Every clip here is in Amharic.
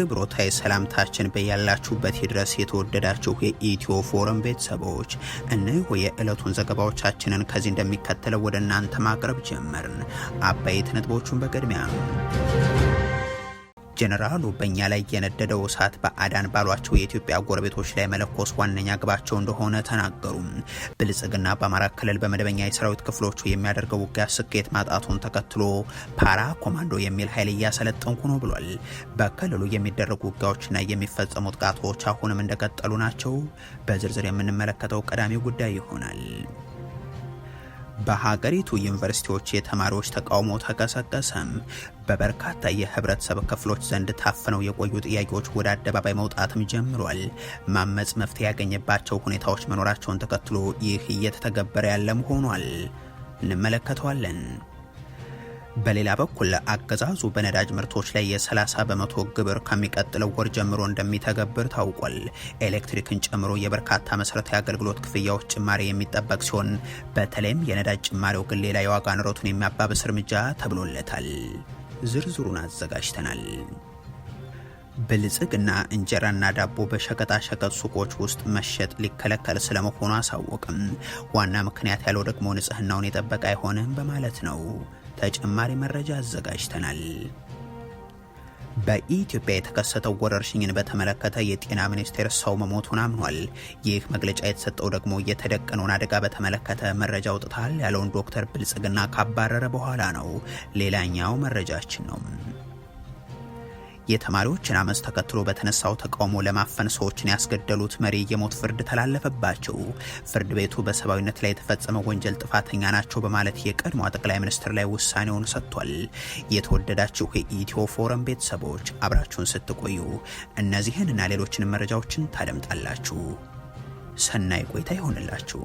ክብሮታይ ሰላምታችን በያላችሁበት ይድረስ የተወደዳችሁ የኢትዮ ፎረም ቤተሰቦች፣ እነሆ የዕለቱን ዘገባዎቻችንን ከዚህ እንደሚከተለው ወደ እናንተ ማቅረብ ጀመርን። አበይት ነጥቦቹን በቅድሚያ ጀነራሉ በእኛ ላይ የነደደው እሳት በአዳን ባሏቸው የኢትዮጵያ ጎረቤቶች ላይ መለኮስ ዋነኛ ግባቸው እንደሆነ ተናገሩ። ብልጽግና በአማራ ክልል በመደበኛ የሰራዊት ክፍሎቹ የሚያደርገው ውጊያ ስኬት ማጣቱን ተከትሎ ፓራ ኮማንዶ የሚል ኃይል እያሰለጠንኩ ነው ብሏል። በክልሉ የሚደረጉ ውጊያዎችና የሚፈጸሙ ጥቃቶች አሁንም እንደቀጠሉ ናቸው። በዝርዝር የምንመለከተው ቀዳሚ ጉዳይ ይሆናል። በሀገሪቱ ዩኒቨርሲቲዎች የተማሪዎች ተቃውሞ ተቀሰቀሰም። በበርካታ የህብረተሰብ ክፍሎች ዘንድ ታፍነው የቆዩ ጥያቄዎች ወደ አደባባይ መውጣትም ጀምሯል። ማመፅ መፍትሄ ያገኘባቸው ሁኔታዎች መኖራቸውን ተከትሎ ይህ እየተተገበረ ያለም ሆኗል። እንመለከተዋለን። በሌላ በኩል አገዛዙ በነዳጅ ምርቶች ላይ የ30 በመቶ ግብር ከሚቀጥለው ወር ጀምሮ እንደሚተገብር ታውቋል። ኤሌክትሪክን ጨምሮ የበርካታ መሰረታዊ አገልግሎት ክፍያዎች ጭማሪ የሚጠበቅ ሲሆን በተለይም የነዳጅ ጭማሪው ግን ሌላ የዋጋ ንረቱን የሚያባብስ እርምጃ ተብሎለታል። ዝርዝሩን አዘጋጅተናል። ብልጽግና እንጀራና ዳቦ በሸቀጣሸቀጥ ሱቆች ውስጥ መሸጥ ሊከለከል ስለመሆኑ አሳወቅም። ዋና ምክንያት ያለው ደግሞ ንጽህናውን የጠበቀ አይሆንም በማለት ነው። ተጨማሪ መረጃ አዘጋጅተናል። በኢትዮጵያ የተከሰተው ወረርሽኝን በተመለከተ የጤና ሚኒስቴር ሰው መሞቱን አምኗል። ይህ መግለጫ የተሰጠው ደግሞ የተደቀነውን አደጋ በተመለከተ መረጃ አውጥታል ያለውን ዶክተር ብልጽግና ካባረረ በኋላ ነው። ሌላኛው መረጃችን ነው። የተማሪዎችን አመፅ ተከትሎ በተነሳው ተቃውሞ ለማፈን ሰዎችን ያስገደሉት መሪ የሞት ፍርድ ተላለፈባቸው። ፍርድ ቤቱ በሰብአዊነት ላይ የተፈጸመ ወንጀል ጥፋተኛ ናቸው በማለት የቀድሞ ጠቅላይ ሚኒስትር ላይ ውሳኔውን ሰጥቷል። የተወደዳችሁ የኢትዮ ፎረም ቤተሰቦች አብራችሁን ስትቆዩ እነዚህን እና ሌሎችንም መረጃዎችን ታደምጣላችሁ። ሰናይ ቆይታ ይሆንላችሁ።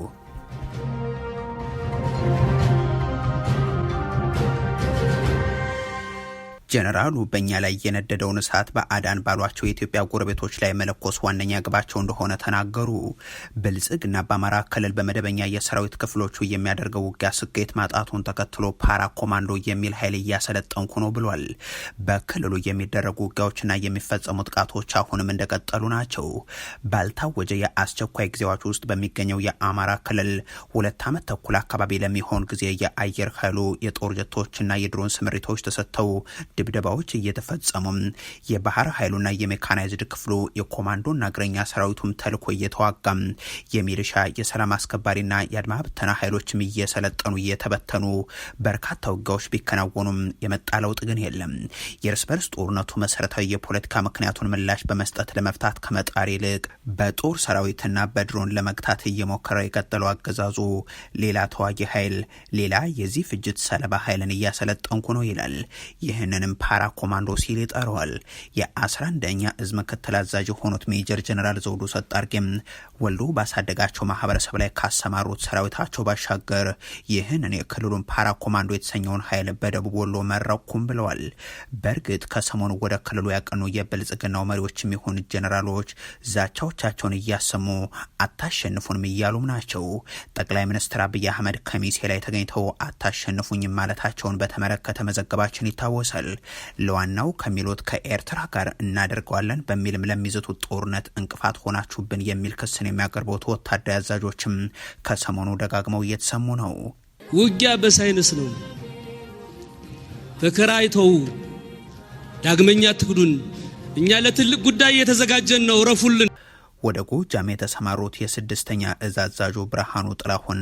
ጀነራሉ በእኛ ላይ የነደደውን እሳት በአዳን ባሏቸው የኢትዮጵያ ጎረቤቶች ላይ መለኮስ ዋነኛ ግባቸው እንደሆነ ተናገሩ። ብልጽግና በአማራ ክልል በመደበኛ የሰራዊት ክፍሎቹ የሚያደርገው ውጊያ ስኬት ማጣቱን ተከትሎ ፓራ ኮማንዶ የሚል ኃይል እያሰለጠንኩ ነው ብሏል። በክልሉ የሚደረጉ ውጊያዎችና የሚፈጸሙ ጥቃቶች አሁንም እንደቀጠሉ ናቸው። ባልታወጀ የአስቸኳይ ጊዜዎች ውስጥ በሚገኘው የአማራ ክልል ሁለት ዓመት ተኩል አካባቢ ለሚሆን ጊዜ የአየር ኃይሉ የጦር ጀቶችና የድሮን ስምሪቶች ተሰጥተው ድብደባዎች እየተፈጸሙ የባህር ኃይሉና የሜካናይዝድ ክፍሉ የኮማንዶና እግረኛ ሰራዊቱም ተልኮ እየተዋጋም የሚሊሻ የሰላም አስከባሪና የአድማ ብተና ኃይሎችም እየሰለጠኑ እየተበተኑ በርካታ ውጊያዎች ቢከናወኑም የመጣ ለውጥ ግን የለም። የእርስ በርስ ጦርነቱ መሰረታዊ የፖለቲካ ምክንያቱን ምላሽ በመስጠት ለመፍታት ከመጣር ይልቅ በጦር ሰራዊትና በድሮን ለመግታት እየሞከረ የቀጠለው አገዛዙ ሌላ ተዋጊ ኃይል፣ ሌላ የዚህ ፍጅት ሰለባ ኃይልን እያሰለጠንኩ ነው ይላል። ይህንንም ፓራ ኮማንዶ ሲል ይጠራዋል። የ11ኛ እዝ ምክትል አዛዥ የሆኑት ሜጀር ጀነራል ዘውዱ ሰጣርጌም ወሎ ባሳደጋቸው ማህበረሰብ ላይ ካሰማሩት ሰራዊታቸው ባሻገር ይህንን የክልሉን ፓራ ኮማንዶ የተሰኘውን ኃይል በደቡብ ወሎ መረኩም ብለዋል። በእርግጥ ከሰሞኑ ወደ ክልሉ ያቀኑ የብልጽግናው መሪዎች የሚሆኑ ጀነራሎች ዛቻዎቻቸውን እያሰሙ አታሸንፉንም እያሉም ናቸው። ጠቅላይ ሚኒስትር አብይ አህመድ ከሚሴ ላይ ተገኝተው አታሸንፉኝም ማለታቸውን በተመለከተ መዘገባችን ይታወሳል። ለዋናው ከሚሉት ከኤርትራ ጋር እናደርገዋለን በሚልም ለሚዘቱ ጦርነት እንቅፋት ሆናችሁብን የሚል ክስን የሚያቀርቡት ወታደር አዛዦችም ከሰሞኑ ደጋግመው እየተሰሙ ነው። ውጊያ በሳይንስ ነው። መከራ ዳግመኛ ትግዱን። እኛ ለትልቅ ጉዳይ እየተዘጋጀን ነው። ረፉልን። ወደ ጎጃም የተሰማሩት የስድስተኛ እዝ አዛዡ ብርሃኑ ጥላሁን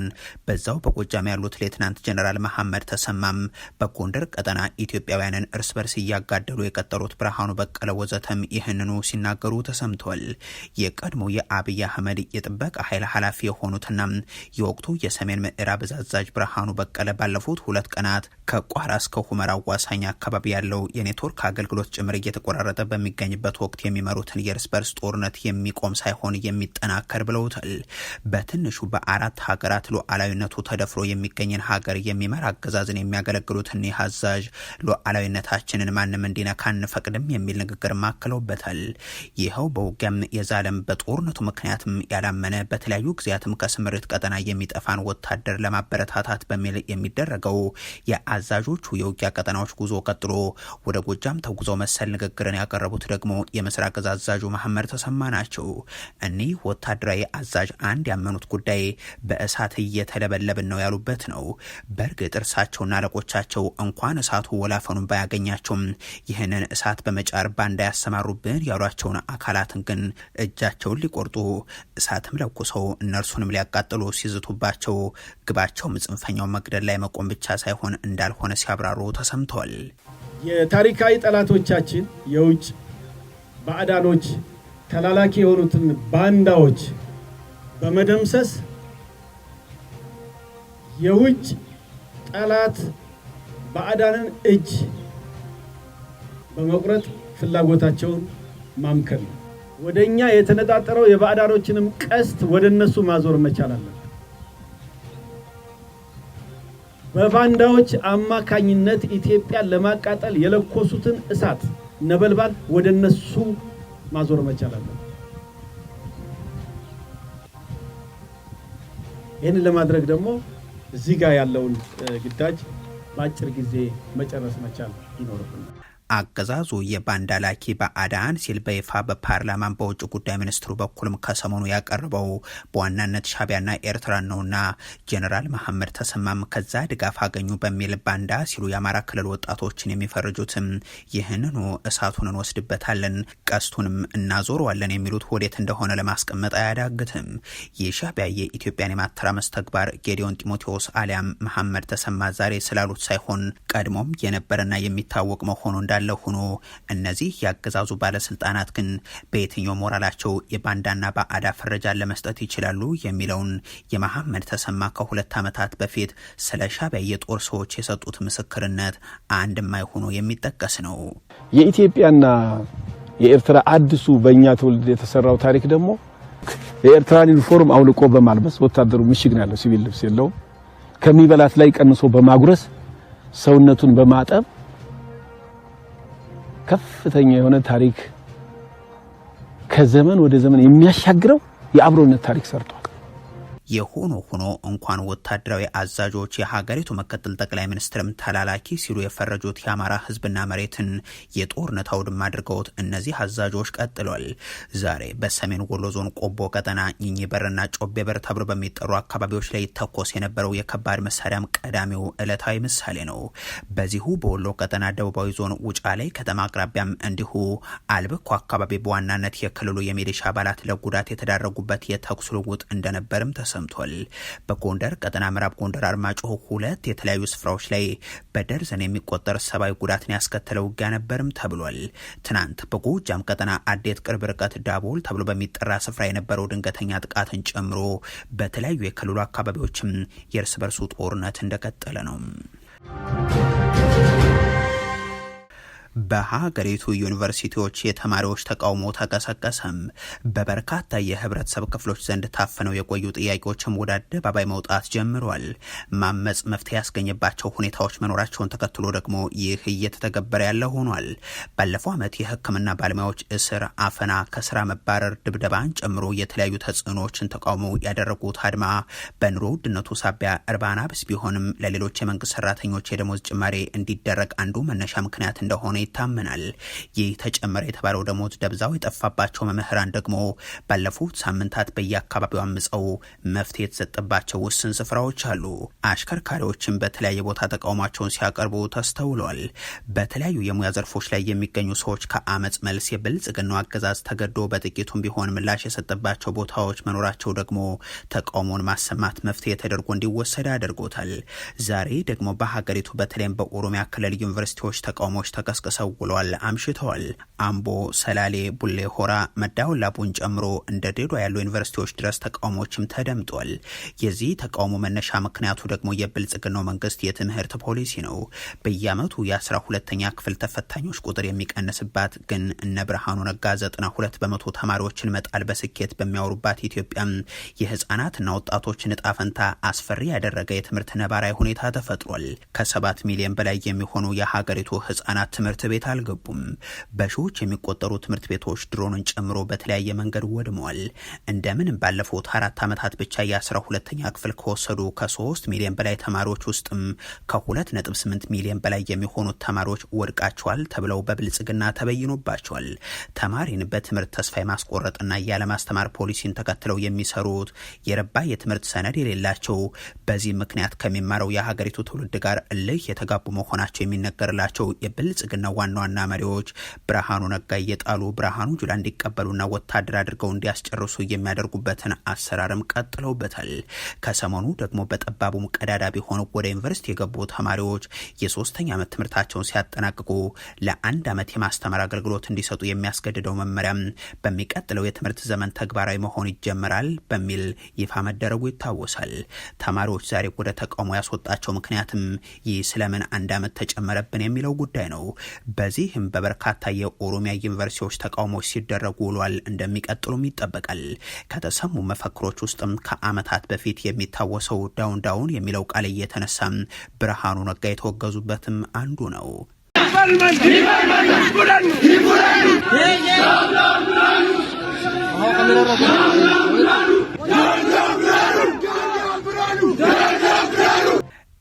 በዛው በጎጃም ያሉት ሌትናንት ጀነራል መሐመድ ተሰማም በጎንደር ቀጠና ኢትዮጵያውያንን እርስ በርስ እያጋደሉ የቀጠሉት ብርሃኑ በቀለ ወዘተም ይህንኑ ሲናገሩ ተሰምቷል። የቀድሞ የአብይ አህመድ የጥበቃ ኃይል ኃላፊ የሆኑትና የወቅቱ የሰሜን ምዕራብ እዝ አዛዥ ብርሃኑ በቀለ ባለፉት ሁለት ቀናት ከቋራ እስከ ሁመራ አዋሳኝ አካባቢ ያለው የኔትወርክ አገልግሎት ጭምር እየተቆራረጠ በሚገኝበት ወቅት የሚመሩትን የእርስ በርስ ጦርነት የሚቆም ሳይሆን ሳይሆን የሚጠናከር ብለውታል። በትንሹ በአራት ሀገራት ሉዓላዊነቱ ተደፍሮ የሚገኝን ሀገር የሚመራ አገዛዝን የሚያገለግሉት እኒህ አዛዥ ሉዓላዊነታችንን ማንም እንዲነካ አንፈቅድም የሚል ንግግር ማክለውበታል። ይኸው በውጊያም የዛለም በጦርነቱ ምክንያትም ያላመነ በተለያዩ ጊዜያትም ከስምሪት ቀጠና የሚጠፋን ወታደር ለማበረታታት በሚል የሚደረገው የአዛዦቹ የውጊያ ቀጠናዎች ጉዞ ቀጥሎ ወደ ጎጃም ተጉዘው መሰል ንግግርን ያቀረቡት ደግሞ የምስራቅ እዝ አዛዡ መሐመድ ተሰማ ናቸው። እኒህ ወታደራዊ አዛዥ አንድ ያመኑት ጉዳይ በእሳት እየተለበለብን ነው ያሉበት ነው። በእርግጥ እርሳቸውና አለቆቻቸው እንኳን እሳቱ ወላፈኑን ባያገኛቸውም ይህንን እሳት በመጫር ባንዳ ያሰማሩብን ያሏቸውን አካላትን ግን እጃቸውን ሊቆርጡ እሳትም ለኩሰው እነርሱንም ሊያቃጥሉ ሲዝቱባቸው ግባቸውም ጽንፈኛው መግደል ላይ መቆም ብቻ ሳይሆን እንዳልሆነ ሲያብራሩ ተሰምተዋል። የታሪካዊ ጠላቶቻችን የውጭ ባዕዳኖች ተላላኪ የሆኑትን ባንዳዎች በመደምሰስ የውጭ ጠላት ባዕዳንን እጅ በመቁረጥ ፍላጎታቸውን ማምከል ነው። ወደ እኛ የተነጣጠረው የባዕዳኖችንም ቀስት ወደ እነሱ ማዞር መቻል አለን። በባንዳዎች አማካኝነት ኢትዮጵያን ለማቃጠል የለኮሱትን እሳት ነበልባል ወደ እነሱ ማዞር መቻል አለ። ይህንን ለማድረግ ደግሞ እዚህ ጋር ያለውን ግዳጅ በአጭር ጊዜ መጨረስ መቻል ይኖርብናል። አገዛዙ የባንዳ ላኪ ባዕዳን ሲል በይፋ በፓርላማን በውጭ ጉዳይ ሚኒስትሩ በኩልም ከሰሞኑ ያቀረበው በዋናነት ሻቢያና ኤርትራን ነውና ጀኔራል መሐመድ ተሰማም ከዛ ድጋፍ አገኙ በሚል ባንዳ ሲሉ የአማራ ክልል ወጣቶችን የሚፈርጁትም ይህንኑ እሳቱን እንወስድበታለን፣ ቀስቱንም እናዞረዋለን የሚሉት ወዴት እንደሆነ ለማስቀመጥ አያዳግትም። የሻቢያ የኢትዮጵያን የማተራመስ ተግባር ጌዲዮን ጢሞቴዎስ አሊያም መሐመድ ተሰማ ዛሬ ስላሉት ሳይሆን ቀድሞም የነበረና የሚታወቅ መሆኑ እንዳለ እንዳለ ሆኖ እነዚህ የአገዛዙ ባለስልጣናት ግን በየትኛው ሞራላቸው የባንዳና በአዳ ፍረጃን ለመስጠት ይችላሉ የሚለውን የመሐመድ ተሰማ ከሁለት ዓመታት በፊት ስለ ሻቢያ የጦር ሰዎች የሰጡት ምስክርነት አንድ ሆኖ የሚጠቀስ ነው። የኢትዮጵያና የኤርትራ አዲሱ በእኛ ትውልድ የተሰራው ታሪክ ደግሞ የኤርትራን ዩኒፎርም አውልቆ በማልበስ ወታደሩ ምሽግ ያለው ሲቪል ልብስ የለውም ከሚበላት ላይ ቀንሶ በማጉረስ ሰውነቱን በማጠብ ከፍተኛ የሆነ ታሪክ ከዘመን ወደ ዘመን የሚያሻግረው የአብሮነት ታሪክ ሰርቷል። የሆኖ ሆኖ እንኳን ወታደራዊ አዛዦች የሀገሪቱ መከተል ጠቅላይ ሚኒስትርም ተላላኪ ሲሉ የፈረጁት የአማራ ህዝብና መሬትን የጦርነት አውድማ አድርገውት እነዚህ አዛዦች ቀጥሏል። ዛሬ በሰሜን ወሎ ዞን ቆቦ ቀጠና ኝኝ በርና ጮቤ በር ተብሎ በሚጠሩ አካባቢዎች ላይ ተኮስ የነበረው የከባድ መሳሪያም ቀዳሚው ዕለታዊ ምሳሌ ነው። በዚሁ በወሎ ቀጠና ደቡባዊ ዞን ውጫሌ ከተማ አቅራቢያም እንዲሁ አልብኮ አካባቢ በዋናነት የክልሉ የሚሊሻ አባላት ለጉዳት የተዳረጉበት የተኩስ ልውውጥ እንደነበርም ተሰማ ተሰምቷል። በጎንደር ቀጠና ምዕራብ ጎንደር አርማጭሆ ሁለት የተለያዩ ስፍራዎች ላይ በደርዘን የሚቆጠር ሰብአዊ ጉዳትን ያስከተለ ውጊያ ነበርም ተብሏል። ትናንት በጎጃም ቀጠና አዴት ቅርብ ርቀት ዳቦል ተብሎ በሚጠራ ስፍራ የነበረው ድንገተኛ ጥቃትን ጨምሮ በተለያዩ የክልሉ አካባቢዎችም የእርስ በርሱ ጦርነት እንደቀጠለ ነው። በሀገሪቱ ዩኒቨርሲቲዎች የተማሪዎች ተቃውሞ ተቀሰቀሰም። በበርካታ የህብረተሰብ ክፍሎች ዘንድ ታፍነው የቆዩ ጥያቄዎችም ወደ አደባባይ መውጣት ጀምሯል። ማመፅ መፍትሄ ያስገኘባቸው ሁኔታዎች መኖራቸውን ተከትሎ ደግሞ ይህ እየተተገበረ ያለ ሆኗል። ባለፈው ዓመት የህክምና ባለሙያዎች እስር፣ አፈና፣ ከስራ መባረር፣ ድብደባን ጨምሮ የተለያዩ ተጽዕኖዎችን ተቃውሞ ያደረጉት አድማ በኑሮ ውድነቱ ሳቢያ እርባና ቢስ ቢሆንም ለሌሎች የመንግስት ሰራተኞች የደሞዝ ጭማሬ እንዲደረግ አንዱ መነሻ ምክንያት እንደሆነ ይታመናል። ይህ ተጨመረ የተባለው ደሞዝ ደብዛው የጠፋባቸው መምህራን ደግሞ ባለፉት ሳምንታት በየአካባቢው አምፀው መፍትሄ የተሰጠባቸው ውስን ስፍራዎች አሉ። አሽከርካሪዎችን በተለያየ ቦታ ተቃውሟቸውን ሲያቀርቡ ተስተውሏል። በተለያዩ የሙያ ዘርፎች ላይ የሚገኙ ሰዎች ከአመፅ መልስ የብልጽግናው አገዛዝ ተገዶ በጥቂቱም ቢሆን ምላሽ የሰጠባቸው ቦታዎች መኖራቸው ደግሞ ተቃውሞን ማሰማት መፍትሄ ተደርጎ እንዲወሰድ አድርጎታል። ዛሬ ደግሞ በሀገሪቱ በተለይም በኦሮሚያ ክልል ዩኒቨርሲቲዎች ተቃውሞዎች ተቀስቀ ተሰው አምሽተዋል። አምቦ፣ ሰላሌ፣ ቡሌ ሆራ፣ መዳወላቡን ጨምሮ እንደ ዴዶ ያሉ ዩኒቨርሲቲዎች ድረስ ተቃውሞችም ተደምጧል። የዚህ ተቃውሞ መነሻ ምክንያቱ ደግሞ የብልጽግናው መንግስት የትምህርት ፖሊሲ ነው። በየአመቱ የአስራ ሁለተኛ ክፍል ተፈታኞች ቁጥር የሚቀንስባት ግን እነ ብርሃኑ ነጋ ዘጠና ሁለት በመቶ ተማሪዎችን መጣል በስኬት በሚያወሩባት ኢትዮጵያም የህፃናትና ወጣቶች እጣ ፈንታ አስፈሪ ያደረገ የትምህርት ነባራዊ ሁኔታ ተፈጥሯል። ከሰባት ሚሊዮን በላይ የሚሆኑ የሀገሪቱ ህጻናት ትምህርት ትምህርት ቤት አልገቡም። በሺዎች የሚቆጠሩ ትምህርት ቤቶች ድሮንን ጨምሮ በተለያየ መንገድ ወድመዋል። እንደምንም ባለፉት አራት ዓመታት ብቻ የአስራ ሁለተኛ ክፍል ከወሰዱ ከሶስት ሚሊዮን በላይ ተማሪዎች ውስጥም ከሁለት ነጥብ ስምንት ሚሊዮን በላይ የሚሆኑት ተማሪዎች ወድቃቸዋል ተብለው በብልጽግና ተበይኖባቸዋል። ተማሪን በትምህርት ተስፋ የማስቆረጥና ያለማስተማር ፖሊሲን ተከትለው የሚሰሩት የረባ የትምህርት ሰነድ የሌላቸው በዚህ ምክንያት ከሚማረው የሀገሪቱ ትውልድ ጋር እልህ የተጋቡ መሆናቸው የሚነገርላቸው የብልጽግና ዋና ዋና መሪዎች ብርሃኑ ነጋ እየጣሉ ብርሃኑ ጁላ እንዲቀበሉና ወታደር አድርገው እንዲያስጨርሱ የሚያደርጉበትን አሰራርም ቀጥለውበታል። ከሰሞኑ ደግሞ በጠባቡም ቀዳዳ ቢሆኑ ወደ ዩኒቨርሲቲ የገቡ ተማሪዎች የሶስተኛ ዓመት ትምህርታቸውን ሲያጠናቅቁ ለአንድ ዓመት የማስተማር አገልግሎት እንዲሰጡ የሚያስገድደው መመሪያም በሚቀጥለው የትምህርት ዘመን ተግባራዊ መሆን ይጀምራል በሚል ይፋ መደረጉ ይታወሳል። ተማሪዎች ዛሬ ወደ ተቃውሞ ያስወጣቸው ምክንያትም ይህ ስለምን አንድ ዓመት ተጨመረብን የሚለው ጉዳይ ነው። በዚህም በበርካታ የኦሮሚያ ዩኒቨርሲቲዎች ተቃውሞዎች ሲደረጉ ውሏል። እንደሚቀጥሉም ይጠበቃል። ከተሰሙ መፈክሮች ውስጥም ከአመታት በፊት የሚታወሰው ዳውን ዳውን የሚለው ቃል እየተነሳ ብርሃኑ ነጋ የተወገዙበትም አንዱ ነው።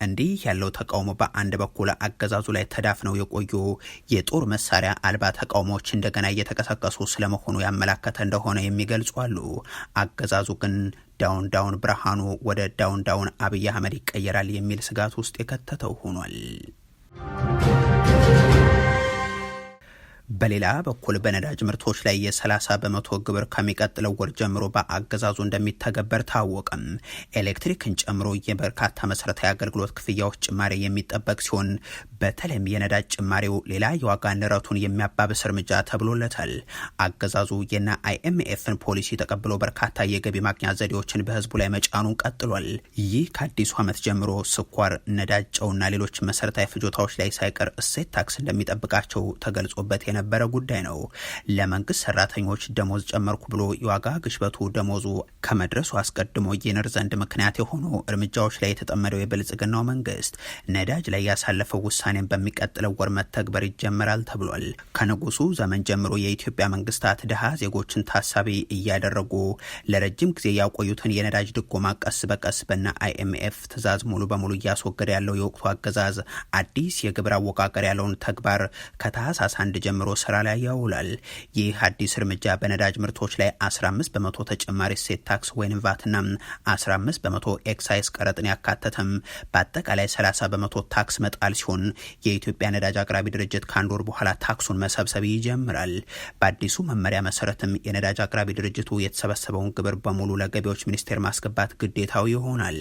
እንዲህ ያለው ተቃውሞ በአንድ በኩል አገዛዙ ላይ ተዳፍነው የቆዩ የጦር መሳሪያ አልባ ተቃውሞዎች እንደገና እየተቀሰቀሱ ስለመሆኑ ያመላከተ እንደሆነ የሚገልጹ አሉ። አገዛዙ ግን ዳውን ዳውን ብርሃኑ ወደ ዳውን ዳውን አብይ አህመድ ይቀየራል የሚል ስጋት ውስጥ የከተተው ሆኗል። በሌላ በኩል በነዳጅ ምርቶች ላይ የ30 በመቶ ግብር ከሚቀጥለው ወር ጀምሮ በአገዛዙ እንደሚተገበር ታወቀም። ኤሌክትሪክን ጨምሮ የበርካታ መሰረታዊ አገልግሎት ክፍያዎች ጭማሪ የሚጠበቅ ሲሆን በተለይም የነዳጅ ጭማሪው ሌላ የዋጋ ንረቱን የሚያባብስ እርምጃ ተብሎለታል። አገዛዙ የና አይኤምኤፍን ፖሊሲ ተቀብሎ በርካታ የገቢ ማግኛ ዘዴዎችን በህዝቡ ላይ መጫኑን ቀጥሏል። ይህ ከአዲሱ ዓመት ጀምሮ ስኳር፣ ነዳጅ፣ ጨውና ሌሎች መሰረታዊ ፍጆታዎች ላይ ሳይቀር እሴት ታክስ እንደሚጠብቃቸው ተገልጾበት የነበ የነበረ ጉዳይ ነው። ለመንግስት ሰራተኞች ደሞዝ ጨመርኩ ብሎ የዋጋ ግሽበቱ ደሞዙ ከመድረሱ አስቀድሞ ይንር ዘንድ ምክንያት የሆኑ እርምጃዎች ላይ የተጠመደው የብልጽግናው መንግስት ነዳጅ ላይ ያሳለፈው ውሳኔን በሚቀጥለው ወር መተግበር ይጀመራል ተብሏል። ከንጉሱ ዘመን ጀምሮ የኢትዮጵያ መንግስታት ድሃ ዜጎችን ታሳቢ እያደረጉ ለረጅም ጊዜ ያቆዩትን የነዳጅ ድጎማ ቀስ በቀስ በና አይኤምኤፍ ትእዛዝ ሙሉ በሙሉ እያስወገደ ያለው የወቅቱ አገዛዝ አዲስ የግብር አወቃቀር ያለውን ተግባር ከታህሳስ አንድ ጀምሮ ጀምሮ ስራ ላይ ያውላል። ይህ አዲስ እርምጃ በነዳጅ ምርቶች ላይ 15 በመቶ ተጨማሪ እሴት ታክስ ወይም ቫትና 15 በመቶ ኤክሳይዝ ቀረጥን ያካተተም በአጠቃላይ 30 በመቶ ታክስ መጣል ሲሆን የኢትዮጵያ ነዳጅ አቅራቢ ድርጅት ከአንድ ወር በኋላ ታክሱን መሰብሰብ ይጀምራል። በአዲሱ መመሪያ መሰረትም የነዳጅ አቅራቢ ድርጅቱ የተሰበሰበውን ግብር በሙሉ ለገቢዎች ሚኒስቴር ማስገባት ግዴታው ይሆናል።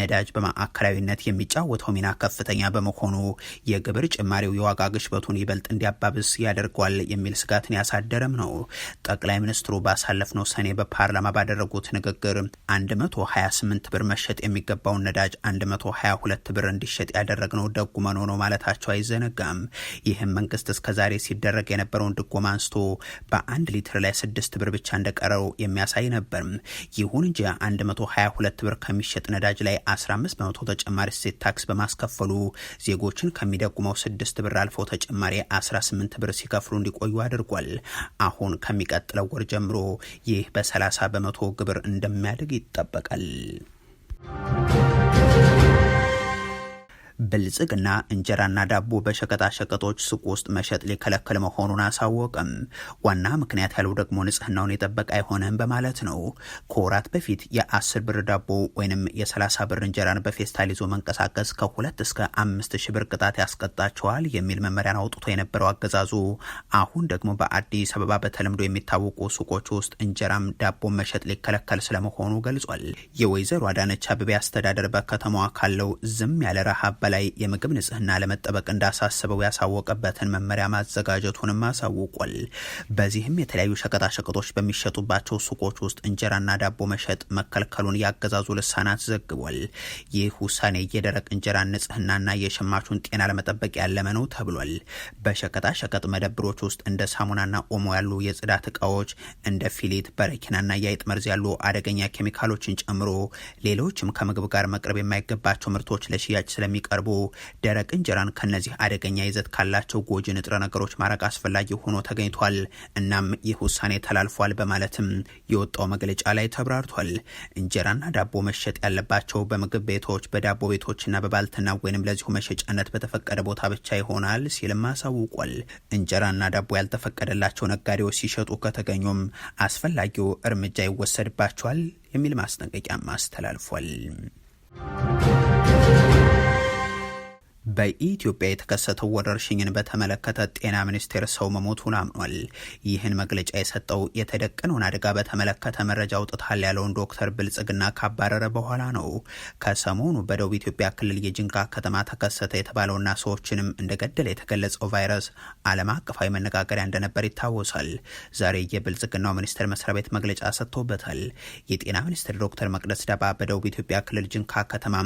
ነዳጅ በማዕከላዊነት የሚጫወተው ሚና ከፍተኛ በመሆኑ የግብር ጭማሪው የዋጋ ግሽበቱን ይበልጥ እንዲያባብስ ያደ ተደርጓል የሚል ስጋትን ያሳደረም ነው። ጠቅላይ ሚኒስትሩ ባሳለፍነው ሰኔ በፓርላማ ባደረጉት ንግግር 128 ብር መሸጥ የሚገባውን ነዳጅ 122 ብር እንዲሸጥ ያደረግነው ደጉመን ሆኖ ማለታቸው አይዘነጋም። ይህም መንግስት እስከዛሬ ሲደረግ የነበረውን ድጎማ አንስቶ በአንድ ሊትር ላይ ስድስት ብር ብቻ እንደቀረው የሚያሳይ ነበር። ይሁን እንጂ 122 ብር ከሚሸጥ ነዳጅ ላይ 15 በመቶ ተጨማሪ እሴት ታክስ በማስከፈሉ ዜጎችን ከሚደጉመው ስድስት ብር አልፎ ተጨማሪ 18 ብር ሲ ሲከፍሉ እንዲቆዩ አድርጓል። አሁን ከሚቀጥለው ወር ጀምሮ ይህ በ30 በመቶ ግብር እንደሚያድግ ይጠበቃል። ብልጽግና እንጀራና ዳቦ በሸቀጣሸቀጦች ሱቅ ውስጥ መሸጥ ሊከለከል መሆኑን አሳወቅም። ዋና ምክንያት ያለው ደግሞ ንጽህናውን የጠበቀ አይሆንም በማለት ነው። ከወራት በፊት የአስር ብር ዳቦ ወይንም የሰላሳ ብር እንጀራን በፌስታል ይዞ መንቀሳቀስ ከሁለት እስከ አምስት ሺህ ብር ቅጣት ያስቀጣቸዋል የሚል መመሪያን አውጥቶ የነበረው አገዛዙ አሁን ደግሞ በአዲስ አበባ በተለምዶ የሚታወቁ ሱቆች ውስጥ እንጀራም ዳቦ መሸጥ ሊከለከል ስለመሆኑ ገልጿል። የወይዘሮ አዳነች አበቤ አስተዳደር በከተማዋ ካለው ዝም ያለ ረሃብ በላይ የምግብ ንጽህና ለመጠበቅ እንዳሳስበው ያሳወቀበትን መመሪያ ማዘጋጀቱንም አሳውቋል። በዚህም የተለያዩ ሸቀጣሸቀጦች በሚሸጡባቸው ሱቆች ውስጥ እንጀራና ዳቦ መሸጥ መከልከሉን ያገዛዙ ልሳናት ዘግቧል። ይህ ውሳኔ የደረቅ እንጀራን ንጽህናና የሸማቹን ጤና ለመጠበቅ ያለመ ነው ተብሏል። በሸቀጣሸቀጥ መደብሮች ውስጥ እንደ ሳሙናና ኦሞ ያሉ የጽዳት እቃዎች እንደ ፊሊት በረኪናና የአይጥ መርዝ ያሉ አደገኛ ኬሚካሎችን ጨምሮ ሌሎችም ከምግብ ጋር መቅረብ የማይገባቸው ምርቶች ለሽያጭ ስለሚቀርቡ ቀርቦ ደረቅ እንጀራን ከነዚህ አደገኛ ይዘት ካላቸው ጎጂ ንጥረ ነገሮች ማራቅ አስፈላጊ ሆኖ ተገኝቷል። እናም ይህ ውሳኔ ተላልፏል በማለትም የወጣው መግለጫ ላይ ተብራርቷል። እንጀራና ዳቦ መሸጥ ያለባቸው በምግብ ቤቶች፣ በዳቦ ቤቶችና በባልትና ወይንም ለዚሁ መሸጫነት በተፈቀደ ቦታ ብቻ ይሆናል ሲልም አሳውቋል። እንጀራና ዳቦ ያልተፈቀደላቸው ነጋዴዎች ሲሸጡ ከተገኙም አስፈላጊው እርምጃ ይወሰድባቸዋል የሚል ማስጠንቀቂያም አስተላልፏል። በኢትዮጵያ የተከሰተው ወረርሽኝን በተመለከተ ጤና ሚኒስቴር ሰው መሞቱን አምኗል። ይህን መግለጫ የሰጠው የተደቀነውን አደጋ በተመለከተ መረጃ አውጥታል ያለውን ዶክተር ብልጽግና ካባረረ በኋላ ነው። ከሰሞኑ በደቡብ ኢትዮጵያ ክልል የጅንካ ከተማ ተከሰተ የተባለውና ሰዎችንም እንደገደለ የተገለጸው ቫይረስ ዓለም አቀፋዊ መነጋገሪያ እንደነበር ይታወሳል። ዛሬ የብልጽግናው ሚኒስቴር መስሪያ ቤት መግለጫ ሰጥቶበታል። የጤና ሚኒስትር ዶክተር መቅደስ ዳባ በደቡብ ኢትዮጵያ ክልል ጅንካ ከተማ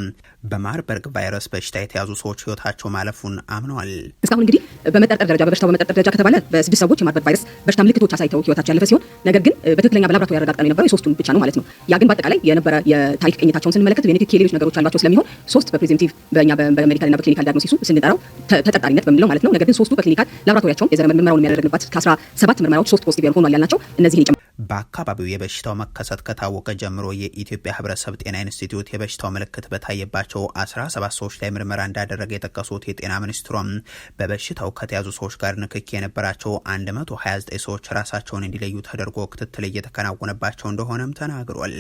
በማርበርግ ቫይረስ በሽታ የተያዙ ሰዎች ህይወታቸው ማለፉን አምነዋል። እስካሁን እንግዲህ በመጠርጠር ደረጃ በበሽታው በመጠርጠር ደረጃ ከተባለ በስድስት ሰዎች የማርበርግ ቫይረስ በሽታ ምልክቶች አሳይተው ህይወታቸው ያለፈ ሲሆን ነገር ግን በትክክለኛ በላብራቶሪ ያረጋግጠ የነበረው የሶስቱን ብቻ ነው ማለት ነው። ያ ግን በአጠቃላይ የነበረ የታሪክ ቅኝታቸውን ስንመለከት ቬኔቲክ ሌሎች ነገሮች አሏቸው ስለሚሆን ሶስት በፕሬዘንቲቭ በእኛ በሜዲካል እና በክሊኒካል ዳያግኖሲሱ ስንጠራው ተጠርጣሪነት በሚለው ማለት ነው። ነገር ግን ሶስቱ በክሊኒካል ላብራቶሪያቸውም የዘረመል ምርመራውን የሚያደረግንባት ከአስራ ሰባት ምርመራዎች ሶስት ፖዚቲቭ ሆኗል ያልናቸው እነዚህን ይጨምራል። በአካባቢው የበሽታው መከሰት ከታወቀ ጀምሮ የኢትዮጵያ ህብረተሰብ ጤና ኢንስቲትዩት የበሽታው ምልክት በታየባቸው 17 ሰዎች ላይ ምርመራ እንዳደረገ የጠቀሱት የጤና ሚኒስትሯም በበሽታው ከተያዙ ሰዎች ጋር ንክኪ የነበራቸው 129 ሰዎች ራሳቸውን እንዲለዩ ተደርጎ ክትትል እየተከናወነባቸው እንደሆነም ተናግሯል።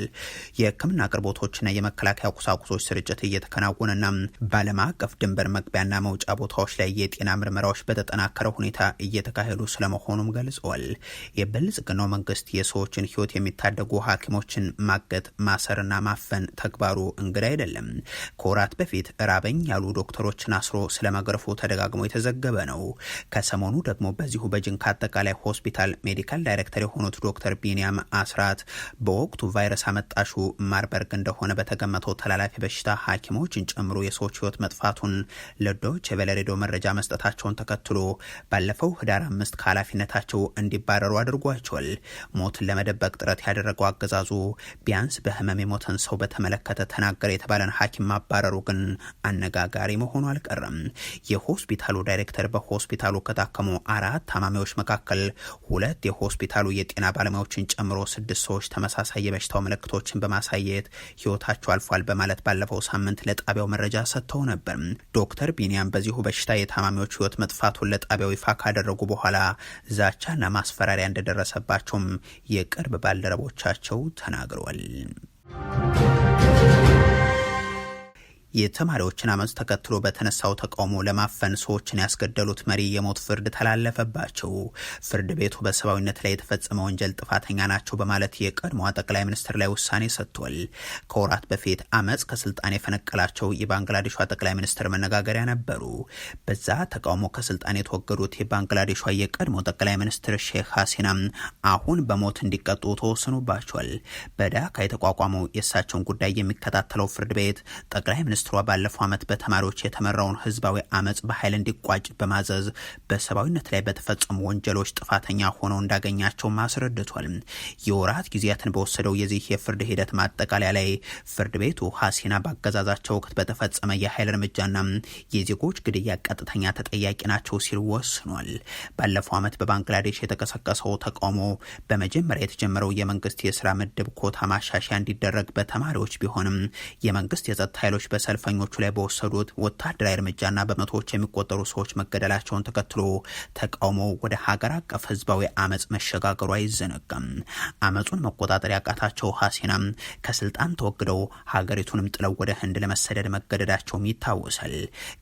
የህክምና አቅርቦቶችና የመከላከያ ቁሳቁሶች ስርጭት እየተከናወነና በዓለም አቀፍ ድንበር መግቢያና መውጫ ቦታዎች ላይ የጤና ምርመራዎች በተጠናከረ ሁኔታ እየተካሄዱ ስለመሆኑም ገልጸዋል። የብልጽግናው መንግስት የሰዎችን ህይወት የሚታደጉ ሐኪሞችን ማገት ማሰርና ማፈን ተግባሩ እንግዳ አይደለም። ከወራት በፊት ራበኝ ያሉ ዶክተሮችን አስሮ ስለመገረፉ ተደጋግሞ የተዘገበ ነው። ከሰሞኑ ደግሞ በዚሁ በጅንካ አጠቃላይ ሆስፒታል ሜዲካል ዳይሬክተር የሆኑት ዶክተር ቢንያም አስራት በወቅቱ ቫይረስ አመጣሹ ማርበርግ እንደሆነ በተገመተው ተላላፊ በሽታ ሐኪሞችን ጨምሮ የሰዎች ህይወት መጥፋቱን ለዶች የበለሬዶ መረጃ መስጠታቸውን ተከትሎ ባለፈው ህዳር አምስት ከኃላፊነታቸው እንዲባረሩ አድርጓቸዋል። ሞትን ለመደበቅ ጥረት ያደረገው አገዛዙ ቢያንስ በህመም የሞተን ሰው በተመለከተ ተናገረ የተባለን ሐኪም ማባረሩ ግን አነጋጋሪ መሆኑ አልቀረም። የሆስፒታሉ ዳይሬክተር በሆስፒታሉ ከታከሙ አራት ታማሚዎች መካከል ሁለት የሆስፒታሉ የጤና ባለሙያዎችን ጨምሮ ስድስት ሰዎች ተመሳሳይ የበሽታው ምልክቶችን በማሳየት ህይወታቸው አልፏል በማለት ባለፈው ሳምንት ለጣቢያው መረጃ ሰጥተው ነበር። ዶክተር ቢኒያም በዚሁ በሽታ የታማሚዎች ህይወት መጥፋቱን ለጣቢያው ይፋ ካደረጉ በኋላ ዛቻና ማስፈራሪያ እንደደረሰባቸውም የቅርብ ባልደረቦቻቸው ተናግረዋል። የተማሪዎችን አመፅ ተከትሎ በተነሳው ተቃውሞ ለማፈን ሰዎችን ያስገደሉት መሪ የሞት ፍርድ ተላለፈባቸው። ፍርድ ቤቱ በሰብአዊነት ላይ የተፈጸመ ወንጀል ጥፋተኛ ናቸው በማለት የቀድሞዋ ጠቅላይ ሚኒስትር ላይ ውሳኔ ሰጥቷል። ከወራት በፊት አመፅ ከስልጣን የፈነቀላቸው የባንግላዴሿ ጠቅላይ ሚኒስትር መነጋገሪያ ነበሩ። በዛ ተቃውሞ ከስልጣን የተወገዱት የባንግላዴሿ የቀድሞ ጠቅላይ ሚኒስትር ሼክ ሀሲና አሁን በሞት እንዲቀጡ ተወስኑባቸዋል። በዳካ የተቋቋመው የእሳቸውን ጉዳይ የሚከታተለው ፍርድ ቤት ጠቅላይ ሚኒስትር ሚኒስትሯ ባለፈው ዓመት በተማሪዎች የተመራውን ህዝባዊ አመፅ በኃይል እንዲቋጭ በማዘዝ በሰብአዊነት ላይ በተፈጸሙ ወንጀሎች ጥፋተኛ ሆነው እንዳገኛቸው አስረድቷል። የወራት ጊዜያትን በወሰደው የዚህ የፍርድ ሂደት ማጠቃለያ ላይ ፍርድ ቤቱ ሀሴና ባገዛዛቸው ወቅት በተፈጸመ የኃይል እርምጃና የዜጎች ግድያ ቀጥተኛ ተጠያቂ ናቸው ሲል ወስኗል። ባለፈው ዓመት በባንግላዴሽ የተቀሰቀሰው ተቃውሞ በመጀመሪያ የተጀመረው የመንግስት የስራ ምድብ ኮታ ማሻሻያ እንዲደረግ በተማሪዎች ቢሆንም የመንግስት የጸጥታ ኃይሎች በሰ ሰልፈኞቹ ላይ በወሰዱት ወታደራዊ እርምጃና በመቶዎች የሚቆጠሩ ሰዎች መገደላቸውን ተከትሎ ተቃውሞ ወደ ሀገር አቀፍ ህዝባዊ አመፅ መሸጋገሩ አይዘነጋም። አመፁን መቆጣጠር ያቃታቸው ሀሲናም ከስልጣን ተወግደው ሀገሪቱንም ጥለው ወደ ህንድ ለመሰደድ መገደዳቸውም ይታወሳል።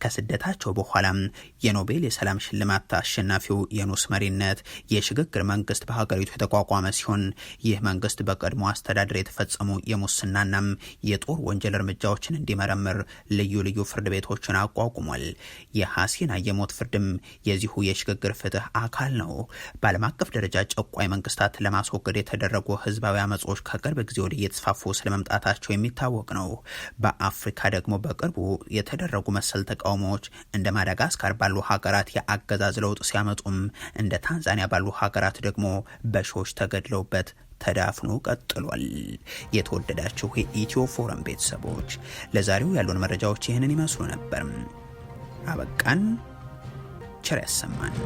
ከስደታቸው በኋላም የኖቤል የሰላም ሽልማት አሸናፊው የኑስ መሪነት የሽግግር መንግስት በሀገሪቱ የተቋቋመ ሲሆን ይህ መንግስት በቀድሞ አስተዳደር የተፈጸሙ የሙስናናም የጦር ወንጀል እርምጃዎችን እንዲመረምር እንዲመረመር ልዩ ልዩ ፍርድ ቤቶችን አቋቁሟል። የሐሲና የሞት ፍርድም የዚሁ የሽግግር ፍትህ አካል ነው። በዓለም አቀፍ ደረጃ ጨቋይ መንግስታት ለማስወገድ የተደረጉ ህዝባዊ አመጾች ከቅርብ ጊዜ ወዲህ እየተስፋፉ ስለመምጣታቸው የሚታወቅ ነው። በአፍሪካ ደግሞ በቅርቡ የተደረጉ መሰል ተቃውሞዎች እንደ ማዳጋስካር ባሉ ሀገራት የአገዛዝ ለውጥ ሲያመጡም እንደ ታንዛኒያ ባሉ ሀገራት ደግሞ በሺዎች ተገድለውበት ተዳፍኖ ቀጥሏል። የተወደዳችሁ የኢትዮ ፎረም ቤተሰቦች ለዛሬው ያሉን መረጃዎች ይህንን ይመስሉ ነበር። አበቃን። ቸር ያሰማን።